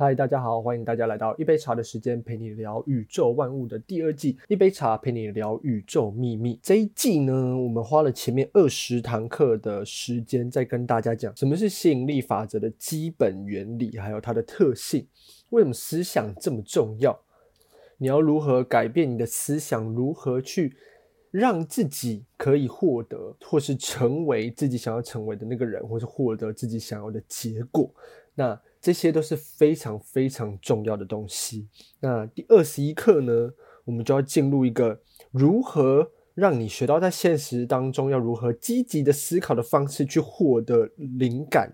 嗨，大家好，歡迎大家來到一杯茶的時間，陪你聊宇宙萬物的第二季。一杯茶陪你聊宇宙秘密。這一季呢，我們花了前面二十堂課的時間，在跟大家講什麼是吸引力法則的基本原理，還有它的特性。為什麼思想這麼重要？你要如何改變你的思想？如何去讓自己可以獲得，或是成為自己想要成為的那個人，或是獲得自己想要的結果？那。這些都是非常非常重要的東西。那第二十一課呢，我們就要進入一個如何讓你學到在現實當中要如何積極的思考的方式去獲得靈感，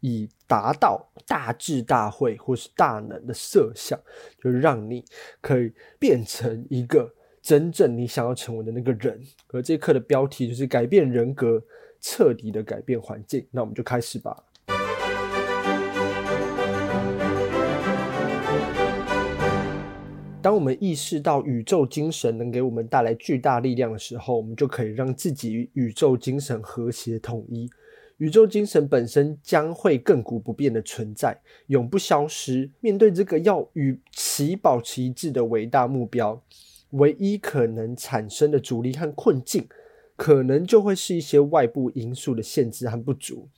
以達到大智大慧或是大能的設想，就讓你可以變成一個真正你想要成為的那個人。而這課的標題就是改變人格，徹底的改變環境。那我們就開始吧。當我們意識到宇宙精神能給我們帶來巨大力量的時候，我們就可以讓自己與宇宙精神和諧統一。宇宙精神本身將會亘古不變的存在，永不消失。面對這個要與其保持一致的偉大目標，唯一可能產生的阻力和困境，可能就會是一些外部因素的限制和不足。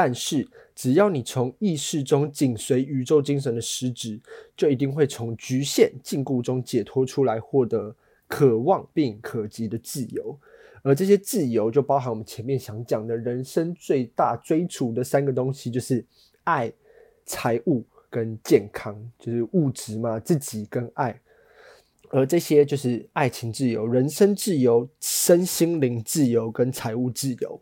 但是，只要你從意識中緊隨宇宙精神的實質，就一定會從局限禁錮中解脫出來，獲得渴望並可及的自由。而這些自由，就包含我們前面想講的人生最大追求的三個東西，就是愛、財務跟健康，就是物質嘛，自己跟愛。而這些就是愛情自由、人生自由、身心靈自由跟財務自由。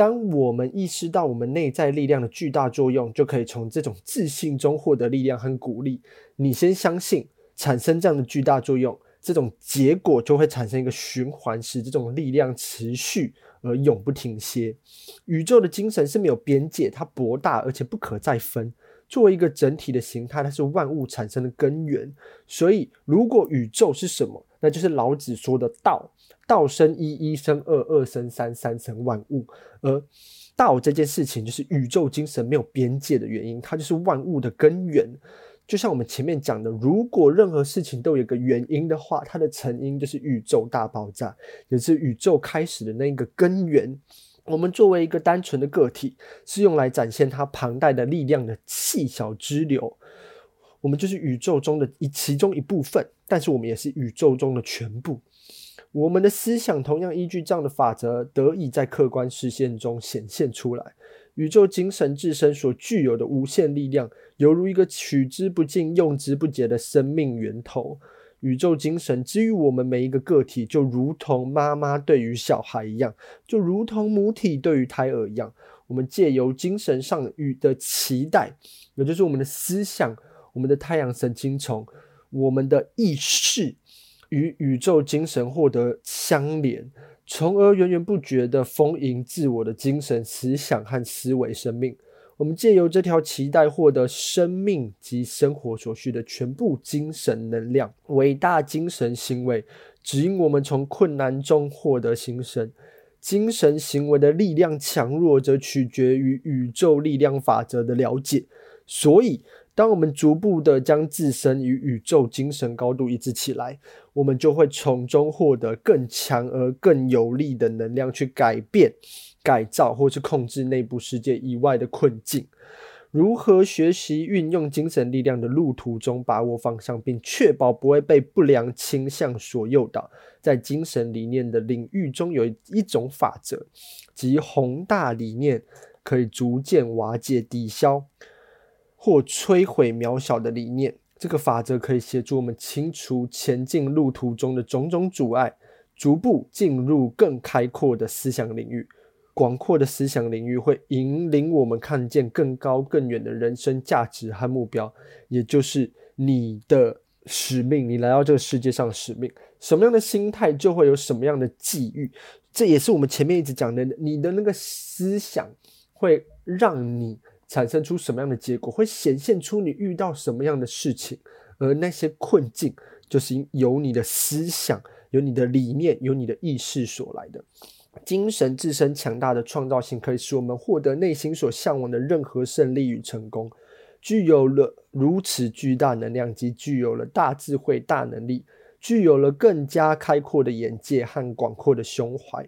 當我們意識到我們內在力量的巨大作用，就可以從這種自信中獲得力量和鼓勵。你先相信，產生這樣的巨大作用，這種結果就會產生一個循環，使這種力量持續而永不停歇。宇宙的精神是沒有邊界，它博大而且不可再分。作為一個整體的形態，它是萬物產生的根源。所以，如果宇宙是什麼，那就是老子說的“道”。道生一，一生二，二生三，三生萬物。而道這件事情，就是宇宙精神沒有邊界的原因，它就是萬物的根源。就像我們前面講的，如果任何事情都有個原因的話，它的成因就是宇宙大爆炸，也是宇宙開始的那個根源。我們作為一個單純的個體，是用來展現它龐大的力量的細小支流。我們就是宇宙中的一其中一部分，但是我們也是宇宙中的全部。我們的思想同樣依據這樣的法則，得以在客觀實現中顯現出來。宇宙精神自身所具有的無限力量，猶如一個取之不盡、用之不竭的生命源頭。宇宙精神給予我們每一個個體，就如同媽媽對於小孩一樣，就如同母體對於胎兒一樣。我們借由精神上與的期待，也就是我們的思想、我們的太陽神經叢、我們的意識，與宇宙精神獲得相連，從而源源不絕地豐盈自我的精神、思想和思維生命。我們借由這條臍帶獲得生命及生活所需的全部精神能量。偉大精神行為，指引我們從困難中獲得新生。精神行為的力量強弱，則取決於宇宙力量法則的了解。所以，當我們逐步地將自身與宇宙精神高度一致起來，我們就會從中獲得更強而更有力的能量去改變。改造或是控制內部世界以外的困境，如何學習運用精神力量的路途中把握方向，並確保不會被不良傾向所誘導。在精神理念的領域中，有一種法則，即宏大理念可以逐漸瓦解、抵消或摧毀渺小的理念。這個法則可以協助我們清除前進路途中的種種阻礙，逐步進入更開闊的思想領域。廣闊的思想領域會引領我們看見更高更遠的人生價值和目標，也就是你的使命。你來到這個世界上使命，什麼樣的心態就會有什麼樣的際遇。這也是我們前面一直講的，你的那個思想會讓你產生出什麼樣的結果，會顯現出你遇到什麼樣的事情。而那些困境，就是由有你的思想、有你的理念、有你的意識所來的。精神自身強大的創造性，可以使我們獲得內心所向往的任何勝利與成功。具有了如此巨大能量，及具有了大智慧、大能力，具有了更加開闊的眼界和廣闊的胸懷。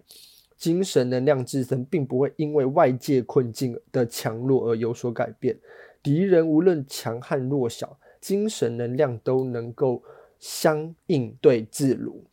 精神能量自身並不會因為外界困境的強弱而有所改變。敵人無論強悍弱小，精神能量都能夠相應對自如。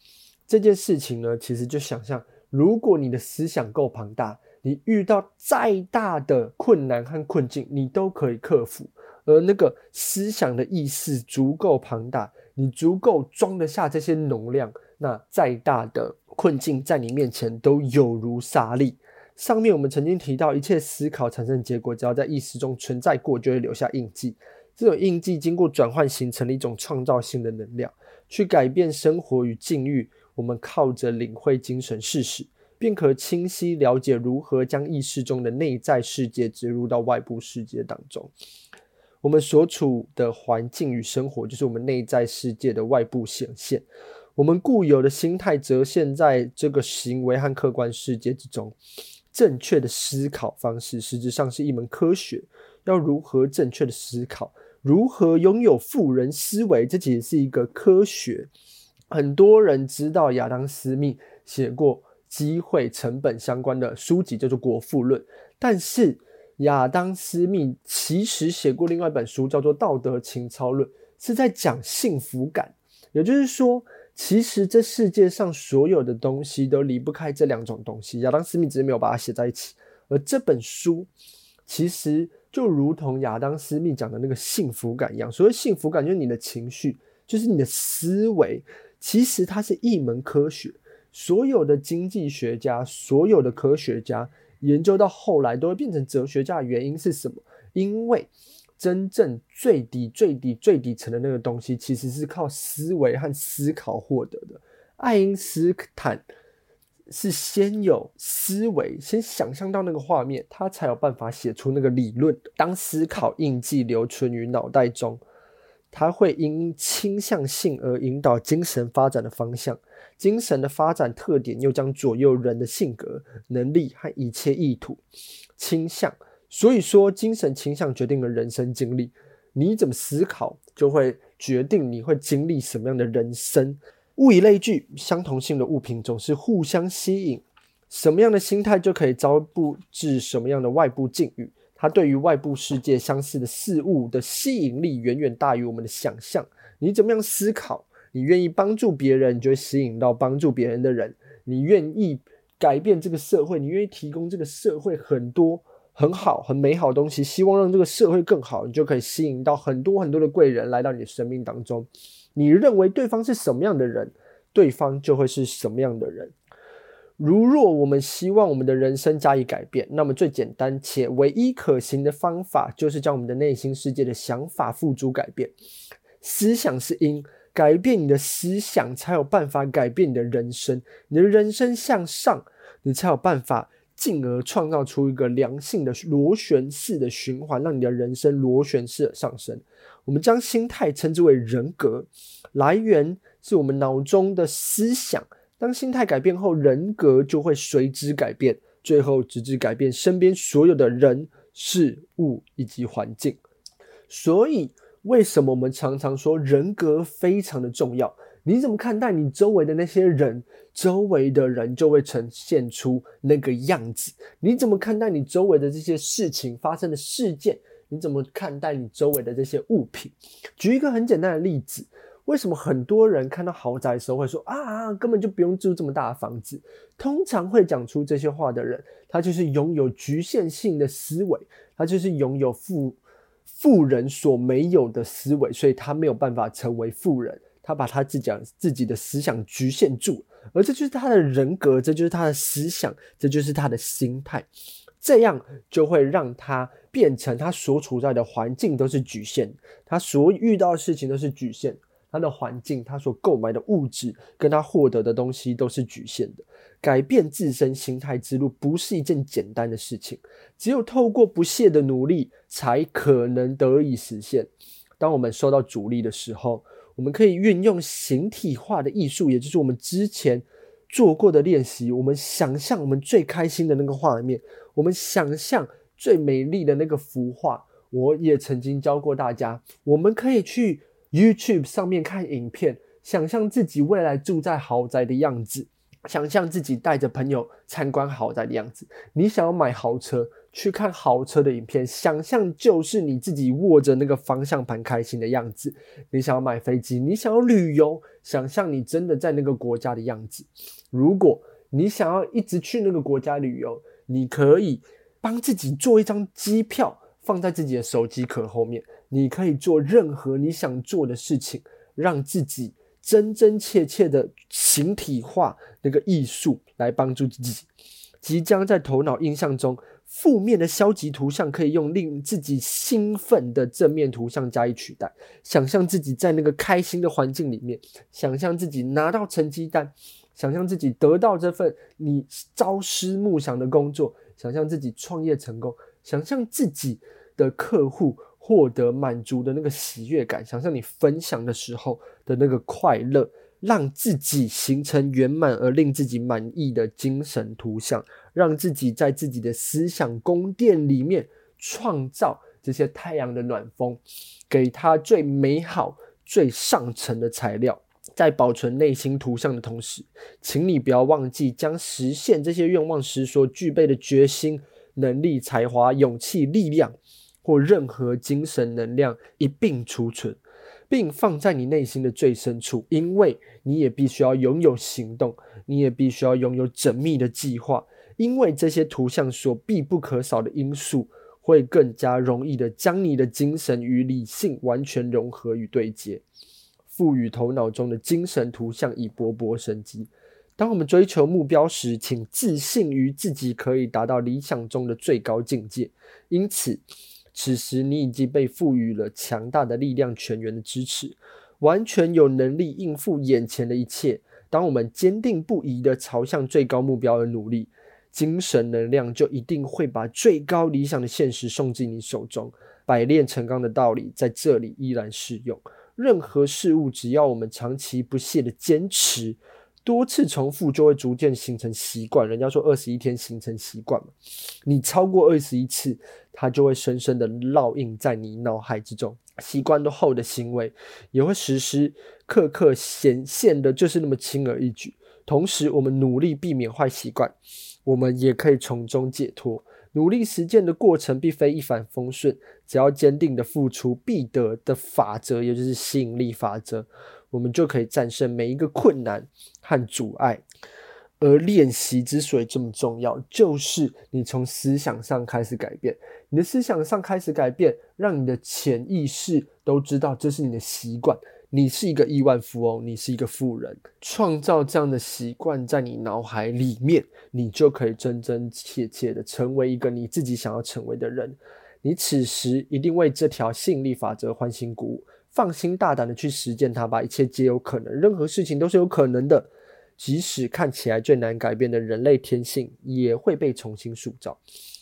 這件事情呢，其實就想象。如果你的思想夠龐大，你遇到再大的困難和困境，你都可以克服。而那個思想的意識足夠龐大，你足夠裝得下這些能量，那再大的困境在你面前都有如沙粒。上面我們曾經提到，一切思考產生結果，只要在意識中存在過，就會留下印記。這種印記經過轉換，形成了一種創造性的能量，去改變生活與境遇。我們靠着領會精神事實，便可清晰了解如何將意識中的內在世界植入到外部世界當中。我們所處的環境與生活，就是我們內在世界的外部顯現。我們固有的心態，則現在這個行為和客觀世界之中。正確的思考方式，實質上是一門科學。要如何正確的思考？如何擁有富人思維？這其實是一個科學。很多人知道亞當斯密寫過機會成本相關的書籍，叫做《國富論》。但是亞當斯密其實寫過另外一本書，叫做《道德情操論》，是在講幸福感。也就是說，其實這世界上所有的東西都離不開這兩種東西。亞當斯密只是沒有把它寫在一起。而這本書其實就如同亞當斯密講的那個幸福感一樣，所謂幸福感，就是你的情緒，就是你的思維。其實它是一門科學，所有的經濟學家、所有的科學家研究到後來都會變成哲學家的原因是什麼？因為真正最底、最底、最底層的那個東西，其實是靠思維和思考獲得的。愛因斯坦是先有思維，先想象到那個畫面，他才有辦法寫出那個理論。當思考印記留存於腦袋中。它會因傾向性而引導精神發展的方向，精神的發展特點又將左右人的性格、能力和一切意圖、傾向。所以說，精神傾向決定了人生經歷。你怎麼思考，就會決定你會經歷什麼樣的人生。物以類聚，相同性的物品總是互相吸引。什麼樣的心態，就可以招致什麼樣的外部境遇。他對於外部世界相似的事物的吸引力遠遠大於我們的想象。你怎麼樣思考？你願意幫助別人，你就會吸引到幫助別人的人；你願意改變這個社會，你願意提供這個社會很多很好很美好的東西，希望讓這個社會更好，你就可以吸引到很多很多的貴人來到你的生命當中。你認為對方是什麼樣的人，對方就會是什麼樣的人。如若我們希望我們的人生加以改變，那麼最簡單且唯一可行的方法，就是將我們的內心世界的想法付諸改變。思想是因，改變你的思想，才有辦法改變你的人生。你的人生向上，你才有辦法進而創造出一個良性的螺旋式的循環，讓你的人生螺旋式的上升。我們將心態稱之為人格，來源是我們腦中的思想。當心態改變後，人格就會隨之改變，最後直至改變身邊所有的人、事物以及環境。所以，為什麼我們常常說人格非常的重要？你怎麼看待你周圍的那些人，周圍的人就會呈現出那個樣子。你怎麼看待你周圍的這些事情發生的事件？你怎麼看待你周圍的這些物品？舉一個很簡單的例子。為什麼很多人看到豪宅的時候會說啊，啊，根本就不用住這麼大的房子？通常會講出這些話的人，他就是擁有局限性的思維，他就是擁有富富人所沒有的思維，所以他沒有辦法成為富人。他把他自己自己的思想局限住，而這就是他的人格，這就是他的思想，這就是他的心態。這樣就會讓他變成他所處在的環境都是局限，他所遇到的事情都是局限。他的環境，他所購買的物質，跟他獲得的東西都是局限的。改變自身心態之路不是一件簡單的事情，只有透過不懈的努力，才可能得以實現。當我們受到阻力的時候，我們可以運用形體化的藝術，也就是我們之前做過的練習。我們想象我們最開心的那個畫面，我們想象最美麗的那個幅畫。我也曾經教過大家，我們可以去 YouTube 上面看影片，想象自己未來住在豪宅的樣子，想象自己帶着朋友參觀豪宅的樣子。你想要買豪車，去看豪車的影片，想象就是你自己握着那個方向盤開心的樣子。你想要買飛機，你想要旅遊，想象你真的在那個國家的樣子。如果你想要一直去那個國家旅遊，你可以幫自己做一張機票，放在自己的手機殼後面。你可以做任何你想做的事情，讓自己真真切切的形體化那個藝術來幫助自己。即將在頭腦印象中負面的消極圖像，可以用令自己興奮的正面圖像加以取代。想象自己在那個開心的環境裡面，想象自己拿到成績單，想象自己得到這份你朝思暮想的工作，想象自己創業成功，想象自己的客戶。獲得滿足的那個喜悅感，想象你分享的時候的那個快樂，讓自己形成圓滿而令自己滿意的精神圖像，讓自己在自己的思想宮殿裡面創造這些太陽的暖風，給它最美好、最上層的材料。在保存內心圖像的同時，請你不要忘記將實現這些願望時所具備的決心、能力、才華、勇氣、力量。或任何精神能量一併儲存，並放在你內心的最深處，因為你也必須要擁有行動，你也必須要擁有縝密的計劃，因為這些圖像所必不可少的因素，會更加容易地將你的精神與理性完全融合與對接，賦予頭腦中的精神圖像以勃勃生機。當我們追求目標時，請自信於自己可以達到理想中的最高境界，因此，此時，你已經被賦予了強大的力量，全員的支持，完全有能力應付眼前的一切。當我們堅定不移的朝向最高目標而努力，精神能量就一定會把最高理想的現實送進你手中。百煉成鋼的道理在這裡依然適用。任何事物，只要我們長期不懈的堅持。多次重複就會逐漸形成習慣，人家說二十一天形成習慣嘛，你超過二十一次，它就會深深的烙印在你腦海之中。習慣之後的行為也會時時刻刻顯現的，就是那麼輕而易舉。同時，我們努力避免壞習慣，我們也可以從中解脫。努力實踐的過程並非一帆風順，只要堅定的付出必得的法則，也就是吸引力法則。我們就可以戰勝每一個困難和阻礙。而練習之所以這麼重要，就是你從思想上開始改變，你的思想上開始改變，讓你的潛意識都知道這是你的習慣。你是一個億萬富翁，你是一個富人，創造這樣的習慣在你腦海裡面，你就可以真真切切的成為一個你自己想要成為的人。你此時一定為這條吸引力法則歡欣鼓舞。放心大膽地去實踐它吧，一切皆有可能，任何事情都是有可能的，即使看起來最難改變的人類天性也會被重新塑造。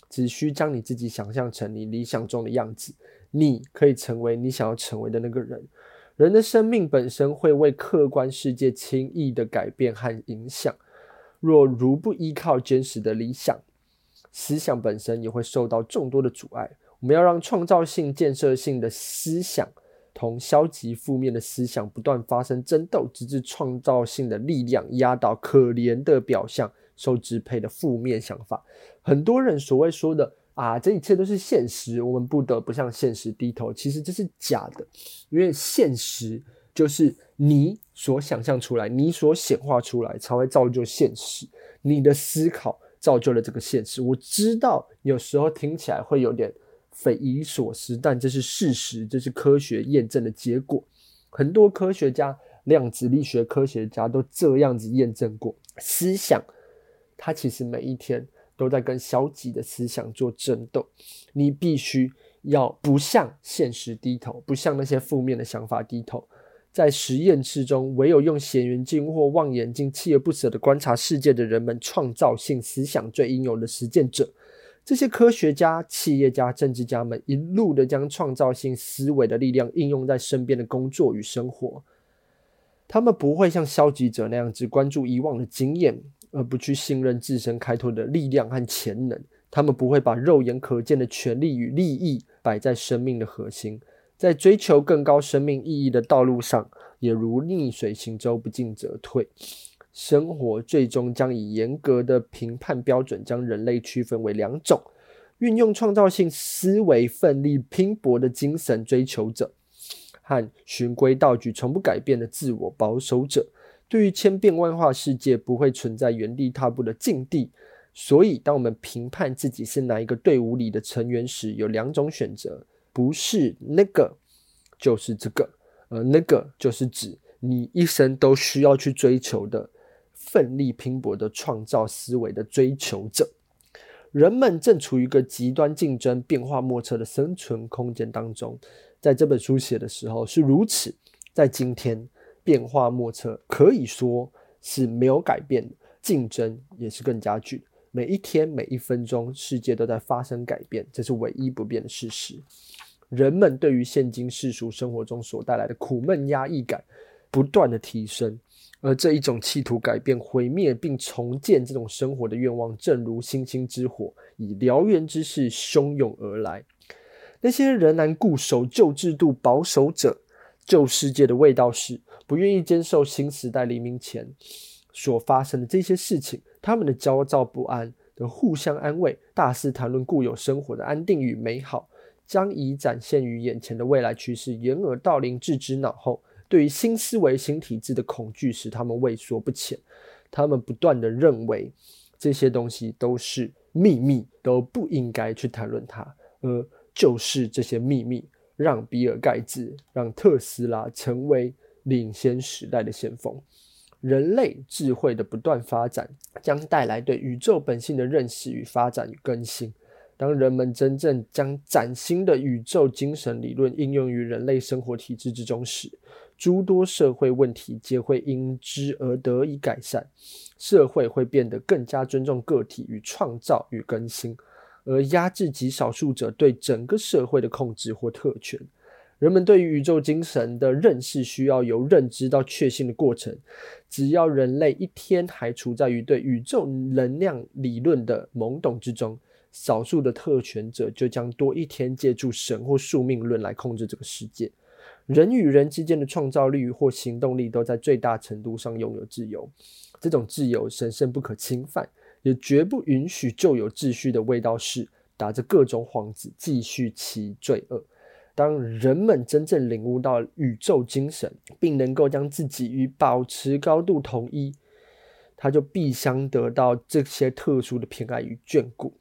只需將你自己想象成你理想中的樣子，你可以成為你想要成為的那個人。人的生命本身會為客觀世界輕易的改變和影響。若如不依靠堅實的理想，思想本身也會受到眾多的阻礙。我們要讓創造性、建設性的思想。從消極負面的思想不斷發生爭鬥，直至創造性的力量壓倒可憐的表象受支配的負面想法。很多人所謂說的啊，這一切都是現實，我們不得不向現實低頭。其實這是假的，因為現實就是你所想象出來，你所顯化出來才會造就現實。你的思考造就了這個現實。我知道有時候聽起來會有點。匪夷所思，但這是事實，這是科學驗證的結果。很多科學家，量子力學科學家都這樣子驗證過。思想，他其實每一天都在跟消極的思想做爭鬥。你必須要不向現實低頭，不向那些負面的想法低頭。在實驗室中，唯有用顯微鏡或望遠鏡鍥而不捨地觀察世界的人們，創造性思想最應有的實踐者。這些科學家、企業家、政治家們一路地將創造性思維的力量應用在身邊的工作與生活。他們不會像消極者那樣只關注以往的經驗，而不去信任自身開拓的力量和潛能。他們不會把肉眼可見的權利與利益擺在生命的核心，在追求更高生命意義的道路上，也如逆水行舟，不進則退。生活最終將以嚴格的評判標準，將人類區分為兩種：運用創造性思維、奮力拼搏的精神追求者，和循規蹈矩、從不改變的自我保守者。對於千變萬化世界，不會存在原地踏步的境地。所以，當我們評判自己是哪一個隊伍裡的成員時，有兩種選擇：不是那個，就是這個，呃，而那個就是指你一生都需要去追求的。奮力拼搏的創造思維的追求者，人們正處於一個極端競爭、變化莫測的生存空間當中。在這本書寫的時候是如此，在今天，變化莫測可以說是沒有改變的，競爭也是更加劇。每一天、每一分鐘，世界都在發生改變，這是唯一不變的事實。人們對於現今世俗生活中所帶來的苦悶、壓抑感不斷的提升。而這一種企圖改變、毀滅並重建這種生活的願望，正如星星之火，以燎原之勢洶湧而來。那些仍然固守舊制度、保守者、舊世界的衛道士，不願意接受新時代黎明前所發生的這些事情。他們的焦躁不安的互相安慰，大肆談論固有生活的安定與美好，將以展現於眼前的未來趨勢掩耳盜鈴，置之腦後。對於新思維、新體制的恐懼使他們畏縮不前，他們不斷地認為這些東西都是秘密，都不應該去談論它。而就是這些秘密，讓比爾蓋茨、讓特斯拉成為領先時代的先鋒。人類智慧的不斷發展，將帶來對宇宙本性的認識與發展與更新。當人們真正將嶄新的宇宙精神理論應用於人類生活體制之中時，諸多社會問題皆會因之而得以改善，社會會變得更加尊重個體與創造與更新，而壓制極少數者對整個社會的控制或特權。人們對於宇宙精神的認識需要由認知到確信的過程，只要人類一天還處在於對宇宙能量理論的懵懂之中，少數的特權者就將多一天借助神或宿命論來控制這個世界。人與人之間的創造力或行動力都在最大程度上擁有自由，這種自由神聖不可侵犯，也絕不允許舊有秩序的衛道士打着各種幌子繼續其罪惡。當人們真正領悟到宇宙精神，並能夠將自己與保持高度統一，他就必將得到這些特殊的偏愛與眷顧。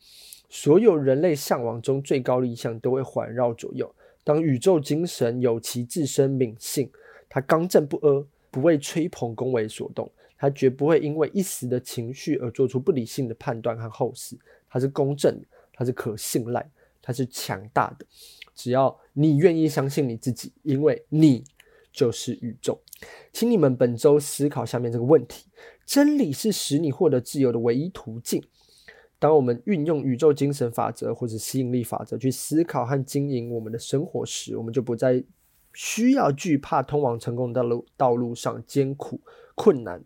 所有人類嚮往中最高理想都會環繞左右。當宇宙精神有其自身秉性，它剛正不阿，不為吹捧恭維所動，它絕不會因為一時的情緒而做出不理性的判斷和後事。它是公正，它是可信賴，它是強大的。只要你願意相信你自己，因為你就是宇宙。請你們本周思考下面這個問題：真理是使你獲得自由的唯一途徑。當我們運用宇宙精神法則或者吸引力法則去思考和經營我們的生活時，我們就不再需要懼怕通往成功的道路道路上艱苦困難。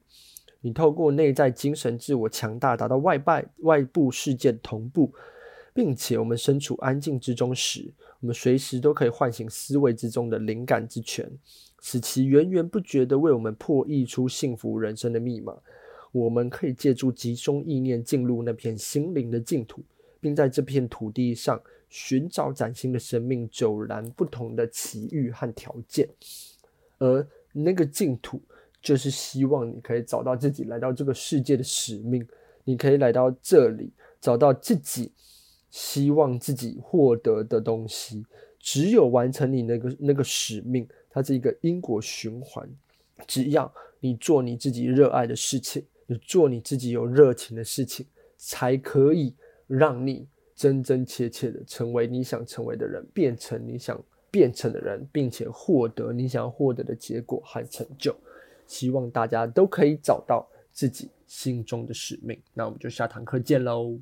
你透過內在精神自我強大，達到外敗外部世界同步，並且我們身處安靜之中時，我們隨時都可以喚醒思維之中的靈感之泉，使其源源不絕地為我們破譯出幸福人生的密碼。我們可以借助集中意念進入那片心靈的淨土，並在這片土地上尋找嶄新的生命、迥然不同的奇遇和條件。而那個淨土，就是希望你可以找到自己來到這個世界的使命。你可以來到這裡，找到自己希望自己獲得的東西。只有完成你那個那個使命，它是一個因果循環。只要你做你自己熱愛的事情。做你自己有熱情的事情，才可以讓你真真切切的成為你想成為的人，變成你想變成的人，並且獲得你想要獲得的結果和成就。希望大家都可以找到自己心中的使命。那我們就下堂課見嘍。